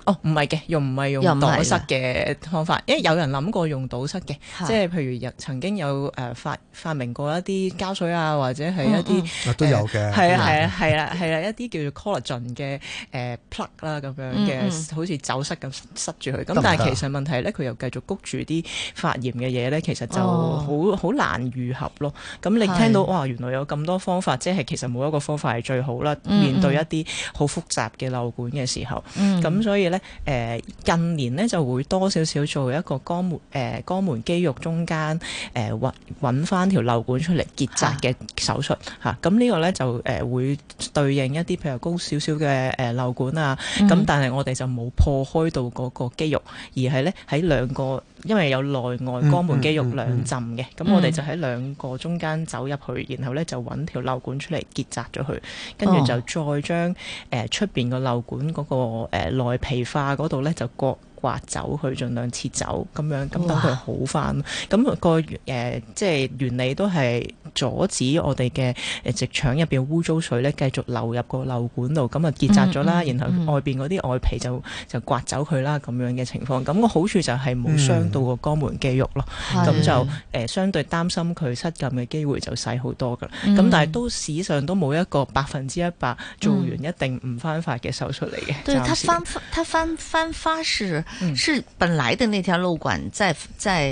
哦，唔係嘅，又唔係用唔係用堵塞嘅方法，因為有人諗過用堵塞嘅，即係譬如曾經有誒發發明過一啲膠水啊，或者係一啲都、哦哦呃、有嘅，係啊係啊係啦係啦，一啲叫做 collagen 嘅誒 plug 啦咁樣嘅、嗯嗯，好似走失咁塞住佢。咁、嗯嗯、但係其實問題咧，佢又繼續谷住啲發炎嘅嘢咧，其實就好好、哦、難愈合咯。咁你聽到哇，原來有咁多方法，即係其實冇一個方法係最好啦、嗯嗯。面對一啲好複雜嘅漏管嘅時候，咁所以。咧近年咧就會多少少做一個肛門誒肛門肌肉中間誒揾揾返條漏管出嚟結紮嘅手術嚇，咁、啊、呢、這個咧就誒會對應一啲譬如高少少嘅誒漏管啊，咁、嗯、但係我哋就冇破開到嗰個肌肉，而係咧喺兩個。因為有內外肛門肌肉兩浸嘅，咁、嗯嗯嗯嗯、我哋就喺兩個中間走入去，然後呢就揾條漏管出嚟結紮咗佢，跟住就再將誒出邊個漏管嗰個誒內皮化嗰度呢，就割。刮走佢，盡量切走咁樣，咁等佢好翻。咁個原即係原理都係阻止我哋嘅直腸入面污糟水咧繼續流入個漏管度，咁啊結紮咗啦。然後外邊嗰啲外皮就就刮走佢啦，咁樣嘅情況。咁、嗯、個好處就係冇傷到個肛門肌肉咯。咁、嗯、就相對擔心佢失禁嘅機會就細好多㗎。咁、嗯、但係都史上都冇一個百分之一百做完一定唔翻發嘅手術嚟嘅、嗯。對，佢翻佢翻翻花樹。翻翻翻翻翻嗯、是本來的那條瘻管再在，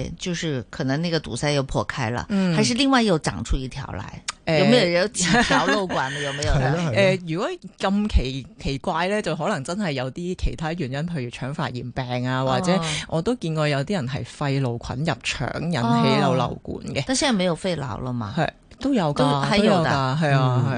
在就是可能那個堵塞又破開了，嗯、還是另外又長出一條來、呃？有沒有幾條瘻管？ 有冇有？誒 、呃，如果咁奇奇怪咧，就可能真係有啲其他原因，譬如腸發炎病啊，或者我都見過有啲人係肺癆菌入腸引起漏管嘅、哦。但現在沒有肺癆了嘛。都有,的都有的，都有噶，係、嗯、啊，係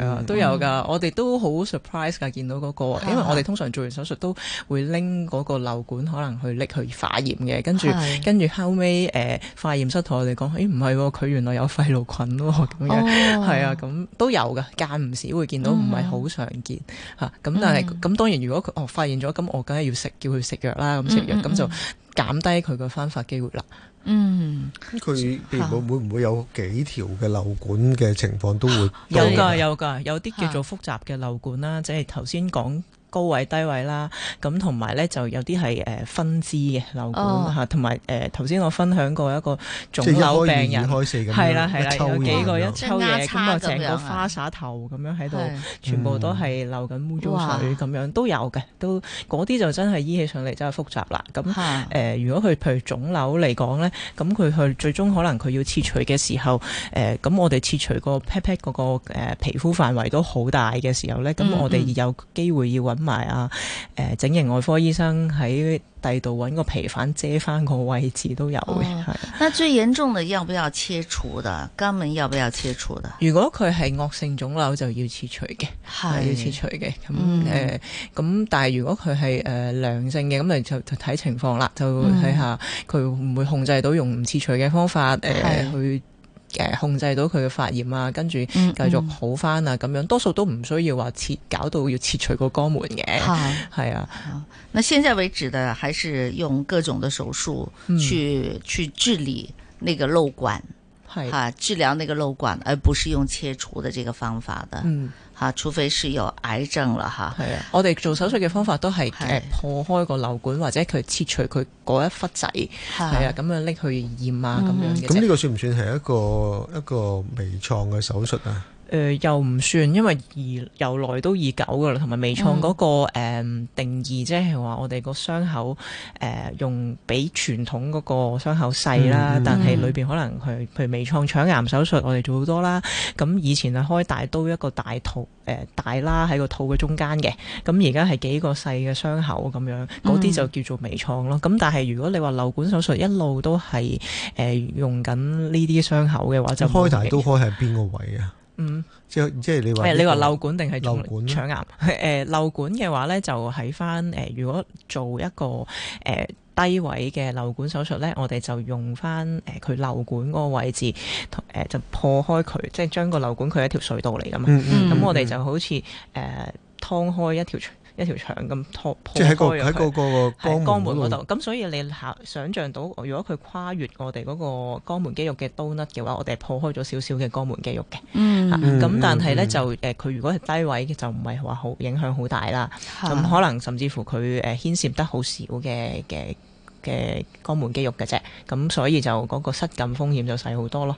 啊，都有噶、嗯。我哋都好 surprise 㗎，見到嗰、那個，因為我哋通常做完手術都會拎嗰個漏管，可能去拎去化驗嘅，跟住跟住後尾誒、呃、化驗室同我哋講，咦唔係喎，佢、啊、原來有肺癆菌喎、啊、咁樣,、哦啊、樣，係啊，咁都有㗎，間唔時會見到，唔係好常見咁、啊、但係咁、嗯、當然，如果佢哦發現咗，咁我梗係要食，叫佢食藥啦，咁食藥咁、嗯嗯嗯、就減低佢嘅翻發機會啦。嗯，咁佢會會唔會有幾條嘅漏管嘅情況都會有㗎？有㗎，有啲叫做複雜嘅漏管啦，即係頭先講。就是高位低位啦，咁同埋咧就有啲係誒分支嘅瘻管吓，同埋誒頭先我分享過一個腫瘤病人，係啦，係啦，有幾個一抽嘢，咁，個，整個花灑頭咁樣喺度，嗯，全部都係流緊污糟水咁樣都有嘅，都嗰啲就真係醫起上嚟真係複雜啦。咁誒，呃，如果佢譬如腫瘤嚟講咧，咁佢去最終可能佢要切除嘅時候，誒，呃，咁我哋切除個 petpet 嗰個誒皮膚範圍都好大嘅時候咧，咁，嗯嗯，我哋有機會要揾。同埋啊，誒，整形外科醫生喺第度揾個皮瓣遮翻個位置都有嘅。係、哦。那最嚴重的，要不要切除的？肛門要不要切除的？如果佢係惡性腫瘤，就要切除嘅，係要切除嘅。咁、嗯、誒，咁、嗯、但係如果佢係誒良性嘅，咁你就睇情況啦，就睇下佢會唔會控制到，用唔切除嘅方法誒去。誒，控制到佢嘅發炎啊，跟住繼續好翻啊，咁、嗯嗯、樣多數都唔需要話切，搞到要切除個肛門嘅，係啊。那現在為止呢，還是用各種的手術去、嗯、去治理那個瘻管，啊，治療那個瘻管，而不是用切除的這個方法的。嗯啊，除非是有癌症啦，哈、啊。係啊，啊，我哋做手術嘅方法都係誒破開個瘻管、啊、或者佢切除佢嗰一忽仔，係啊，咁、啊、樣拎去驗啊咁、嗯、樣嘅。咁呢個算唔算係一個一個微創嘅手術啊？誒、呃、又唔算，因為而由來都已久噶啦，同埋微創嗰、那個、嗯嗯、定義，即係話我哋個傷口誒、呃、用比傳統嗰個傷口細啦、嗯嗯，但係裏面可能佢譬如微創腸癌手術我，我哋做好多啦。咁以前係開大刀一個大肚、呃、大啦喺個肚嘅中間嘅，咁而家係幾個細嘅傷口咁樣，嗰啲就叫做微創咯。咁、嗯、但係如果你話瘻管手術一路都係誒、呃、用緊呢啲傷口嘅話，就不開大刀開係邊個位啊？嗯，即即係你話、這個，誒，你話漏管定係腸癌？誒，漏管嘅話咧，就喺翻誒，如果做一個誒低位嘅漏管手術咧，我哋就用翻誒佢漏管嗰個位置，誒就破開佢，即係將個漏管佢係一條隧道嚟噶嘛，咁我哋就好似誒通開一條。一條腸咁拓即係喺，那個喺個個個肛門嗰度，咁所以你想像到，如果佢跨越我哋嗰個肛門肌肉嘅刀甩嘅話，我哋破開咗少少嘅肛門肌肉嘅。嗯、咁，啊、但係咧，嗯嗯嗯，就佢，呃、如果係低位嘅，就唔係話好影響好大啦。咁，啊、可能甚至乎佢誒，呃、牽涉得好少嘅嘅。嘅肛門肌肉嘅啫，咁所以就嗰個失禁風險就細好多咯。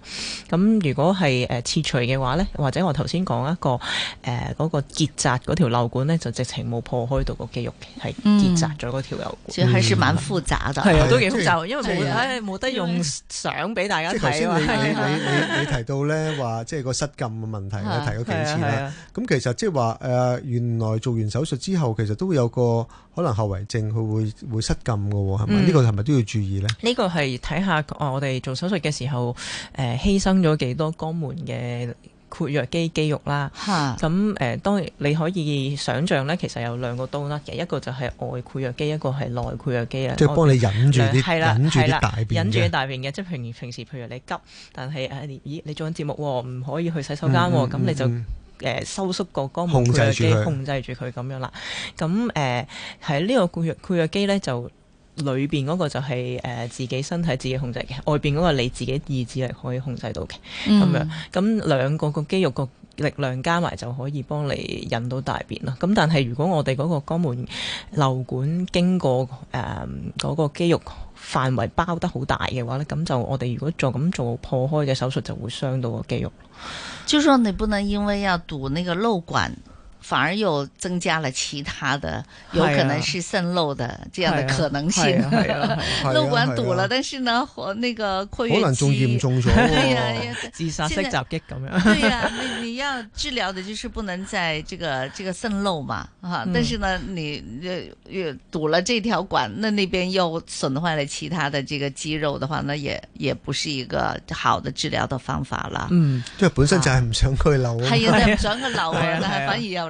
咁如果係誒切除嘅話咧，或者我頭先講一個誒嗰、呃那個結紮嗰條漏管咧，就直情冇破開到個肌肉，係、嗯、結紮咗嗰條漏管，係算蠻複雜嘅，係、嗯、啊，都幾複雜。因為唉冇、哎、得用相俾大家睇啊。頭先你你你提到咧話，即係個失禁嘅問題，我提咗幾次啦。咁其實即係話誒，原來做完手術之後，其實都會有個可能後遺症，佢會會失禁嘅喎，係咪？嗯呢、這個係咪都要注意呢睇、這個、下、啊、我哋做手術嘅時候，呃、犧牲咗幾多肛門嘅括約肌肌肉啦。咁、huh. 呃、當然你可以想象呢，其實有兩個刀啦，嘅，一個就係外括約肌，一個係內括約肌啊。即係幫你忍住啲，忍住啲大便嘅。忍住啲大便嘅，即係平，平時譬如你急，但係、啊、咦你做緊節目唔、哦、可以去洗手間、哦，咁、嗯嗯嗯嗯、你就、呃、收縮個肛門括約肌，控制住佢，控制住佢咁樣啦。咁喺呢個括約括約肌呢，就。裏邊嗰個就係、是、誒、呃、自己身體自己控制嘅，外邊嗰個你自己意志力可以控制到嘅，咁、嗯、樣咁兩個個肌肉個力量加埋就可以幫你引到大便咯。咁但係如果我哋嗰個肛門漏管經過誒嗰、呃那個肌肉範圍包得好大嘅話咧，咁就我哋如果做咁做破開嘅手術，就會傷到個肌肉。就說你不能因為要堵那個漏管。反而又增加了其他的、啊、有可能是滲漏的這樣的可能性，漏管堵了、啊，但是呢，那個擴約肌可能更嚴重了，對呀，自殺式襲擊咁樣。對呀，你你要治療的就是不能在這個這個滲漏嘛，啊、嗯，但是呢，你又堵了這條管，那那邊又損壞了其他的這個肌肉的話，那也也不是一個好的治療的方法了。嗯，因、啊、為本身就係唔想佢漏，係啊，就唔想佢漏啊，了 啊啊 反而要。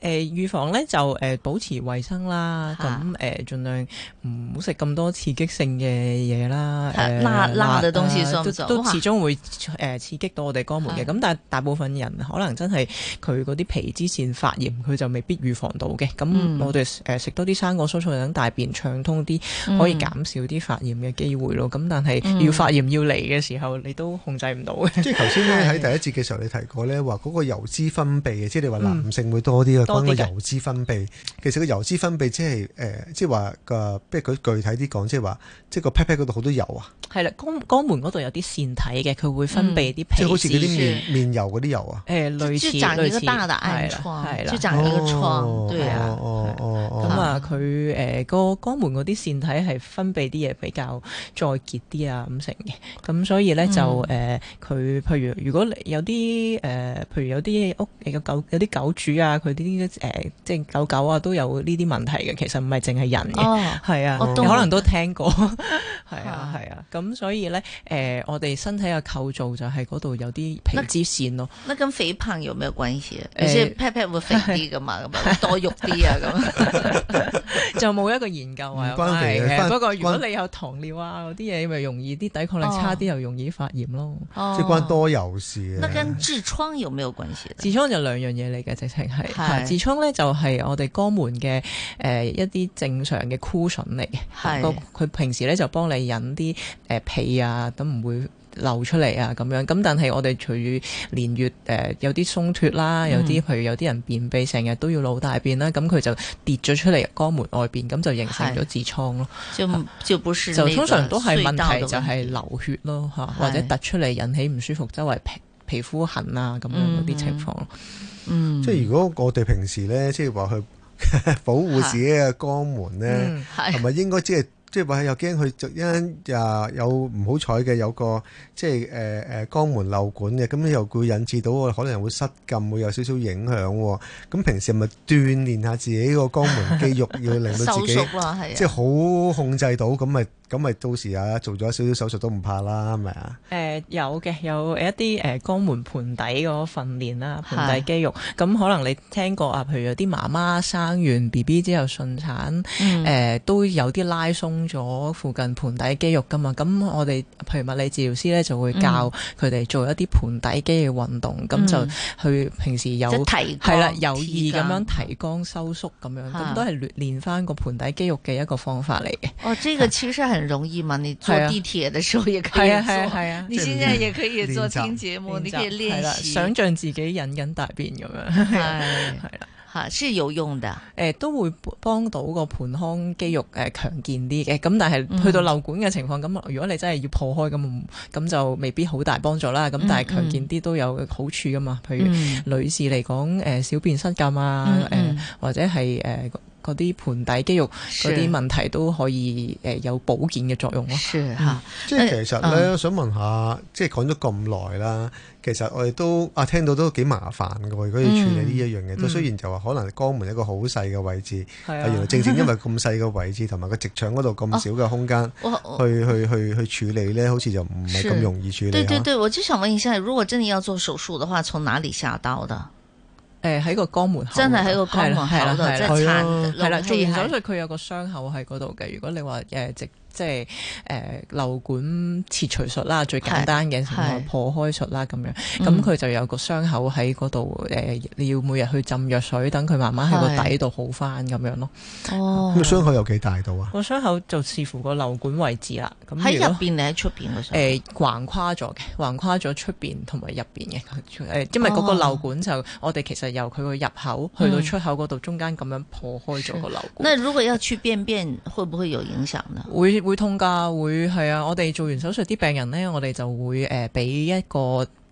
誒、呃，預防咧就誒、呃、保持衛生啦，咁誒盡量唔好食咁多刺激性嘅嘢啦、啊呃，辣辣嘅東西、啊、都都始終會刺激到我哋肛門嘅。咁、啊、但係大部分人可能真係佢嗰啲皮脂腺發炎，佢就未必預防到嘅。咁、啊、我哋誒食多啲生果蔬菜等大便暢通啲，可以減少啲發炎嘅機會咯。咁、嗯、但係要發炎要嚟嘅時候，你都控制唔到嘅。即係頭先咧喺第一節嘅時候，你提過呢話嗰、啊、個油脂分泌，即係你話男性會多啲啊。關於油脂分泌，其實個油脂分泌即係誒，即係話個，即係佢具體啲講，即係話，即係個屁屁嗰度好多油啊。係啦，肛肛門嗰度有啲腺體嘅，佢會分泌啲皮脂，即係好似嗰啲面面油嗰啲油啊。誒、呃，類似大大大類似。係啦，係啦、哦、啦。哦哦哦哦。咁啊，佢、哦、誒，個肛門嗰啲腺體係分泌啲嘢比較再結啲啊，咁成嘅。咁所以咧就誒，佢譬如如果有啲誒、呃，譬如有啲屋嘅狗，有啲狗主啊，佢啲。誒、呃，即係狗狗啊，都有呢啲問題嘅。其實唔係淨係人嘅，係、哦、啊，哦、可能都聽過，係、哦、啊，係啊。咁、啊啊啊、所以咧，誒、呃，我哋身體嘅構造就係嗰度有啲皮脂腺咯。乜跟肥胖有咩關係、呃呃、啊？即係 pat 會肥啲噶嘛？咁多肉啲啊？咁 就冇一個研究啊。關嘅、啊，不過、啊啊、如果你有糖尿啊嗰啲嘢，咪容易啲抵抗力差啲，又容易發炎咯。即、啊、係、啊、關多油事啊。乜跟痔瘡有咩關係、啊？痔瘡就兩樣嘢嚟嘅，直情係。痔瘡咧就係、是、我哋肛門嘅誒、呃、一啲正常嘅 cushion 嚟，佢平時咧就幫你引啲誒屁啊，都唔會流出嚟啊咁樣。咁但係我哋隨住年月誒、呃、有啲鬆脱啦，有啲譬如有啲人便秘，成日都要攞大便啦，咁佢就跌咗出嚟肛門外邊，咁就形成咗痔瘡咯。就就不是、啊、就通常都係問題就係流血咯嚇，或者突出嚟引起唔舒服，周圍皮皮膚痕啊咁樣嗰啲情況。嗯嗯，即係如果我哋平時咧，即係話去保護自己嘅肛門咧，係咪、啊嗯啊、應該即係？即係話又驚佢就因啊有唔好彩嘅有個即係誒誒肛門漏管嘅，咁又會引致到可能會失禁，會有少少影響。咁平時咪鍛鍊下自己個肛門肌肉， 要令到自己即係好控制到，咁咪咁咪到時啊做咗少少手術都唔怕啦，係咪啊？誒有嘅，有一啲誒肛門盆底個訓練啦，盆底肌肉。咁可能你聽過啊？譬如有啲媽媽生完 B B 之後順產，誒、嗯呃、都有啲拉鬆。鬆咗附近盆底肌肉噶嘛，咁我哋譬如物理治療師咧就會教佢哋做一啲盆底肌嘅運動，咁、嗯、就去平時有、嗯、是提，係啦有意咁樣提肛收縮咁樣，咁、啊、都係練翻個盆底肌肉嘅一個方法嚟嘅。哦，呢、這個其實很容易嘛？啊、你坐地鐵嘅時候亦可以做，係啊係啊，啊，你現在也可以做聽節目，你可以練習。係啦，想象自己忍緊大便咁樣，係、啊、 啦。哈，是有用的，誒、呃、都會幫到個盆腔肌肉誒呃、強健啲嘅，咁但係去到漏管嘅情況，咁、嗯、如果你真係要破開咁，咁就未必好大幫助啦，咁但係強健啲都有好處噶嘛，嗯、譬如女士嚟講，誒、呃、小便失禁啊，誒、呃、或者係誒。呃嗰啲盆底肌肉嗰啲問題都可以有保健嘅作用咯、嗯，即、啊嗯、其實咧，想問下，即係講咗咁耐啦，其實我哋都啊聽到都幾麻煩嘅喎，如果要處理呢一樣嘢，都、嗯嗯、雖然就話可能肛門一個好細嘅位置，啊、但原來正正因為咁細嘅位置同埋個直腸嗰度咁少嘅空間，哦、去去去去處理咧，好似就唔係咁容易處理。對對對，我就想問一下，如果真係要做手術嘅話，從哪裡下刀嘅？誒、欸、喺個肛門口，真係喺個肛門口係撐，係啦，即係做完手術佢有個傷口喺嗰度嘅，如果你話誒直。即係誒，瘻、呃、管切除術啦，最簡單嘅，同埋、就是、破開術啦，咁樣，咁、嗯、佢就有個傷口喺嗰度，誒、呃，你要每日去浸藥水，等佢慢慢喺個底度好翻咁樣咯。哦，咁、那個傷口有幾大度啊？那個傷口就視乎個瘻管位置啦。喺入邊呢，喺、呃、出邊嘅？誒，橫跨咗嘅，橫跨咗出邊同埋入邊嘅。誒，因為嗰個瘻管就、哦、我哋其實由佢個入口去到出口嗰度中間咁樣破開咗個瘻管。那如果要去便便，呃、會唔會有影響呢？會痛㗎，會係啊！我哋做完手術啲病人咧，我哋就會誒俾、呃、一個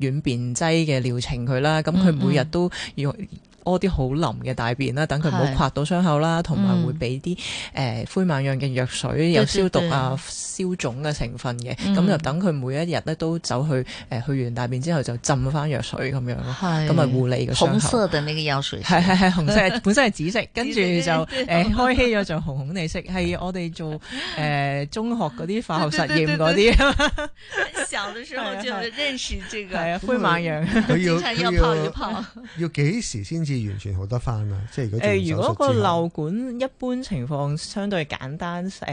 軟便劑嘅療程佢啦。咁佢每日都要，嗯嗯多啲好腍嘅大便啦，等佢唔好刮到傷口啦，同埋、嗯、會俾啲誒灰猛樣嘅藥水，有消毒啊消腫嘅成分嘅，咁、嗯、就等佢每一日咧都走去誒、呃、去完大便之後就浸翻藥水咁樣咯，咁咪護理嘅傷口。紅色嘅那個藥水係，係係紅色，本身係紫色， 跟住著就誒開咗就紅紅哋色，係我哋做誒中學嗰啲化學實驗嗰啲。 小嘅時候就認識呢個灰猛樣，要泡一泡。要幾 時先至？完全好得翻啊！即係如果、呃、如果個漏管一般情況相對簡單誒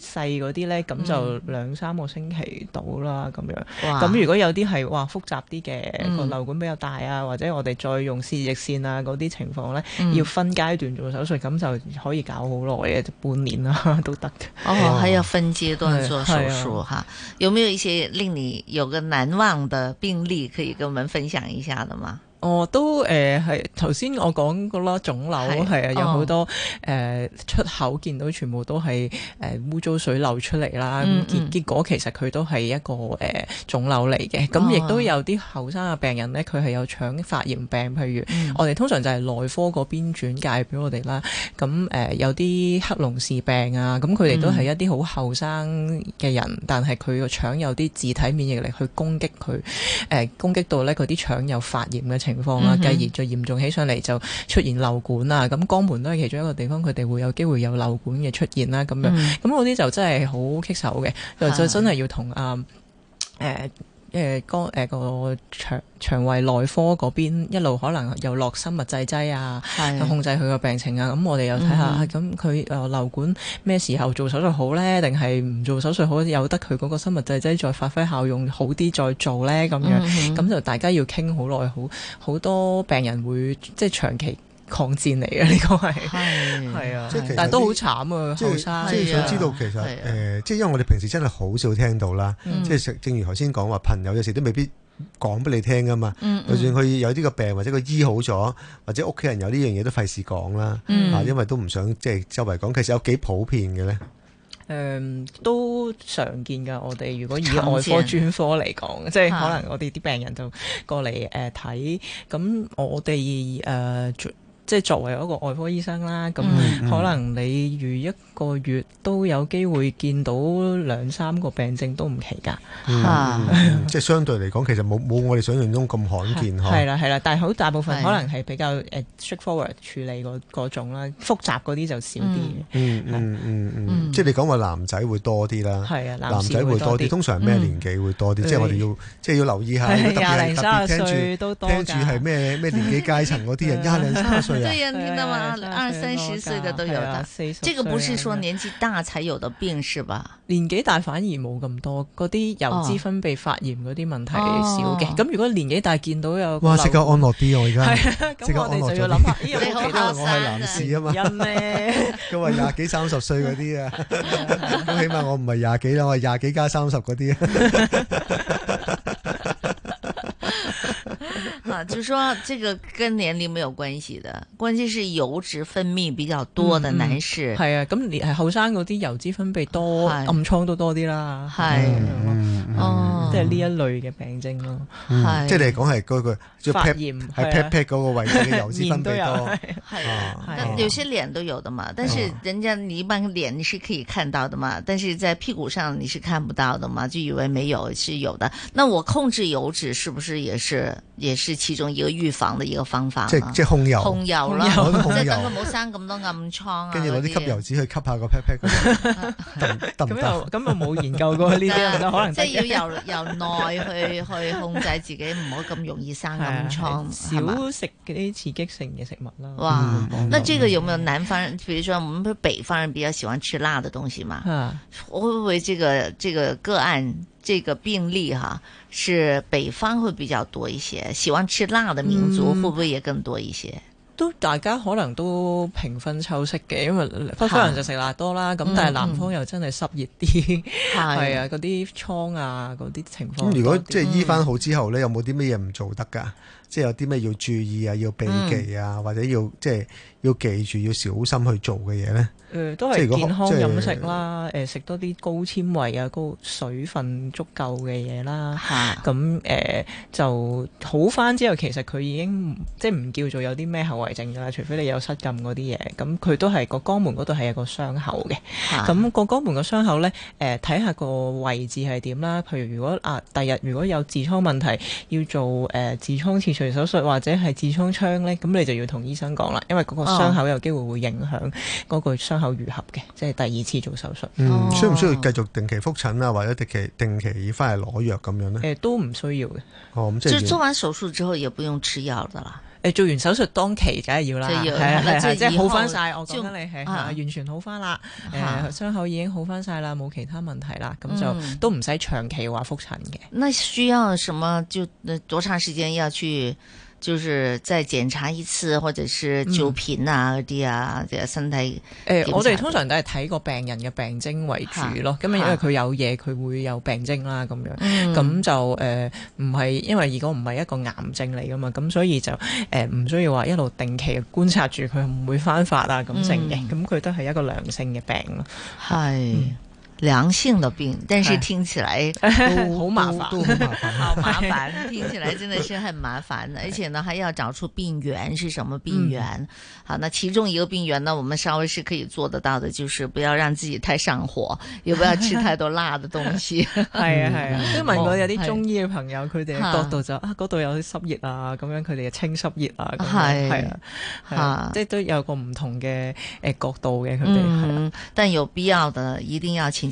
細嗰啲咧，咁、呃、就兩三個星期到啦咁、嗯、樣。哇！咁如果有啲係哇複雜啲嘅個漏管比較大啊，或者我哋再用視液線啊嗰啲情況咧、嗯，要分階段做手術，咁就可以搞好耐嘅，半年啦都得。哦，係、哦、啊，要分階段做手術嚇、啊啊。有冇有一些令你有個難忘嘅病例可以跟我們分享一下的嗎？哦都呃、是我都誒係頭先我講過啦，腫瘤係啊，有好多誒、哦呃、出口見到全部都係誒污糟水流出嚟啦。咁、嗯嗯、結果其實佢都係一個誒腫、呃、瘤嚟嘅。咁、哦、亦都有啲後生嘅病人咧，佢係有腸發炎病，譬如我哋通常就係內科嗰邊轉介俾我哋啦。咁誒、呃、有啲黑龍氏病啊，咁佢哋都係一啲好後生嘅人，但係佢個腸有啲自體免疫力去攻擊佢，誒、呃、攻擊到咧佢啲腸有發炎嘅情。情況啦，繼而就嚴重起上嚟，就出現漏管啊。咁肛門都係其中一個地方，佢哋會有機會有漏管嘅出現啦。咁樣，咁嗰啲就真係好棘手嘅，嗯、就真係要同啊誒。呃呃誒肝誒個腸腸胃內科嗰邊一路可能又落生物製劑啊，控制佢個病情啊。咁我哋又睇下，咁佢誒瘺管咩時候做手術好咧？定係唔做手術好？有得佢嗰個生物製劑再發揮效用好啲，再做咧咁樣。咁、嗯、就大家要傾好耐，好好多病人會即係長期。抗戰嚟嘅呢個係係係啊，但係都好慘啊！即係、即係、想知道其實誒，即係、啊啊、因為我哋平時真係好少聽到啦。即係、啊即係、正如頭先講話，朋友有時都未必講俾你聽噶嘛。就算佢有呢個病或者佢醫好咗，或者屋企、嗯、人有呢樣嘢都費事講啦。啊、嗯，因為都唔想即係周圍講。其實有幾普遍嘅咧？誒、嗯，都常見㗎。我哋如果以外科專科嚟講，即係可能我哋啲病人就過嚟誒睇，咁、呃、我哋誒。呃即係作為一個外科醫生啦，咁可能你預一個月都有機會見到兩三個病症都唔奇㗎，即係相對嚟講，其實冇冇我哋想象中咁罕見。係啦，係啦，但係好大部分可能係比較誒 straightforward 處理嗰嗰種啦，複雜嗰啲就少啲。嗯嗯嗯嗯，即係你講話男仔會多啲啦，係啊，男仔會多啲。通常咩年紀會多啲？即係我哋要即係要留意下啲特別係特別聽住都多㗎，聽住係咩咩年紀階層嗰啲人，廿零三十歲。對呀、啊，聽到、啊、嗎？二三十歲嘅都有得。的，呢、啊這個不是說年紀大才有得病是吧？年紀大反而冇咁多，嗰啲油脂分泌發炎嗰啲問題少嘅。咁、哦、如果年紀大見到有，哇，食得安樂啲我而家，係 啊，咁我哋就要諗下，因為我係男士啊嘛？人 咩？佢話廿幾三十歲嗰啲啊，咁 起碼我唔係廿幾啦，我係廿幾加三十嗰啲。 就是，說這個跟年齡沒有關係的，關鍵是油脂分泌比較多的男士。係、嗯嗯、啊，咁年係後生嗰啲油脂分泌多，暗瘡都多啲啦。係，哦、嗯嗯嗯嗯，即係呢一類嘅病徵咯、啊。係、嗯，即係嚟講係嗰個發炎，係 pat pat 個位置嘅油脂分泌多。係 都有、 哦，但有些臉都有的嘛，但是人家你一般臉你是可以看到的嘛，但是在屁股上你是看不到的嘛，就以為沒有是有的。那我控制油脂是不是也是也是？一要預防嘅一個方法、啊，即係即係控油，控油啦，油即係等佢冇生咁多暗瘡跟住攞啲吸油紙去吸下個 pat pat。咁又冇研究過呢啲、啊 啊，可能可即係要由由內去去控制自己，唔好咁容易生暗瘡，啊、少食啲刺激性嘅食物啦、啊。哇、嗯！那這個有沒有南方人？ 比如說我們北方人比較喜歡吃辣嘅東西嘛？ 我會唔會這個這個個案？這個病例哈、啊，是北方會比較多一些，喜歡吃辣的民族會不會也更多一些？嗯、都大家可能都平分秋色嘅。因為北方人就食辣多啦，咁但係南方又真係濕熱啲，係、嗯、 啊，嗰啲瘡啊，嗰啲情況、嗯。如果即係醫翻好之後呢、嗯、有冇啲咩嘢唔做得噶？即係有啲咩要注意啊，要避忌啊，或者要即係要記住要小心去做嘅嘢呢？誒，都係健康飲食啦，誒，食多啲高纖維啊、高水分足夠嘅嘢啦。咁誒就好返之後，其實佢已經即係唔叫做有啲咩後遺症㗎啦。除非你有失禁嗰啲嘢，咁佢都係個肛門嗰度係一個傷口嘅。咁個肛門個傷口呢，誒睇下個位置係點啦。譬如如果啊，第日如果有痔瘡問題，要做誒痔瘡切除。做手術或者係痔瘡槍，咧，咁你就要同醫生講啦，因為嗰個傷口有機會會影響嗰個傷口愈合嘅。哦、即係第二次做手術，嗯，需唔需要繼續定期復診啊，或者定期定期翻嚟攞藥咁樣咧？誒、呃，都唔需要嘅。哦，咁即係做完手術之後，也不用吃藥㗎喇。誒、做完手術當期梗係要啦，係啊係啊，即係好翻晒。我覺得你係完全好翻啦，誒、啊呃、傷口已經好翻晒啦，冇其他問題啦，咁、啊啊、就、嗯、都唔使長期話覆診嘅。那需要什麼？就多長時間要去？就是再檢查一次，或者是照片啊嗰啲啊，或、嗯、者、啊、身體誒、欸，我哋通常都係睇個病人嘅病徵為主咯。咁、啊、因為佢有嘢，佢、啊、會有病徵啦。咁樣咁、啊、就誒，唔、呃、係因為如果唔係一個癌症嚟㗎嘛，咁所以就誒唔、呃、需要話一路定期觀察住佢唔會翻發啊咁剩嘅。咁佢、啊、都係一個良性嘅病咯。係。嗯良性的病，但是聽起來都 好麻煩，很麻 好麻煩煩， 聽起來真的是很麻煩的。而且呢， 還要找出病源是什麼病源。嗯、好，那其中一個病源呢，我們稍微是可以做得到的，就是不要讓自己太上火，也不要吃太多辣的東西。係啊係啊，都問過有啲中醫嘅朋友，佢、嗯、哋角度就 啊，啊，嗰度有啲濕熱啊，咁樣佢哋嘅清濕熱啊。系係 是啊，吓，即係都有個唔同嘅誒角度嘅，佢哋、啊、嗯，嗯，但有必要的，一定要請。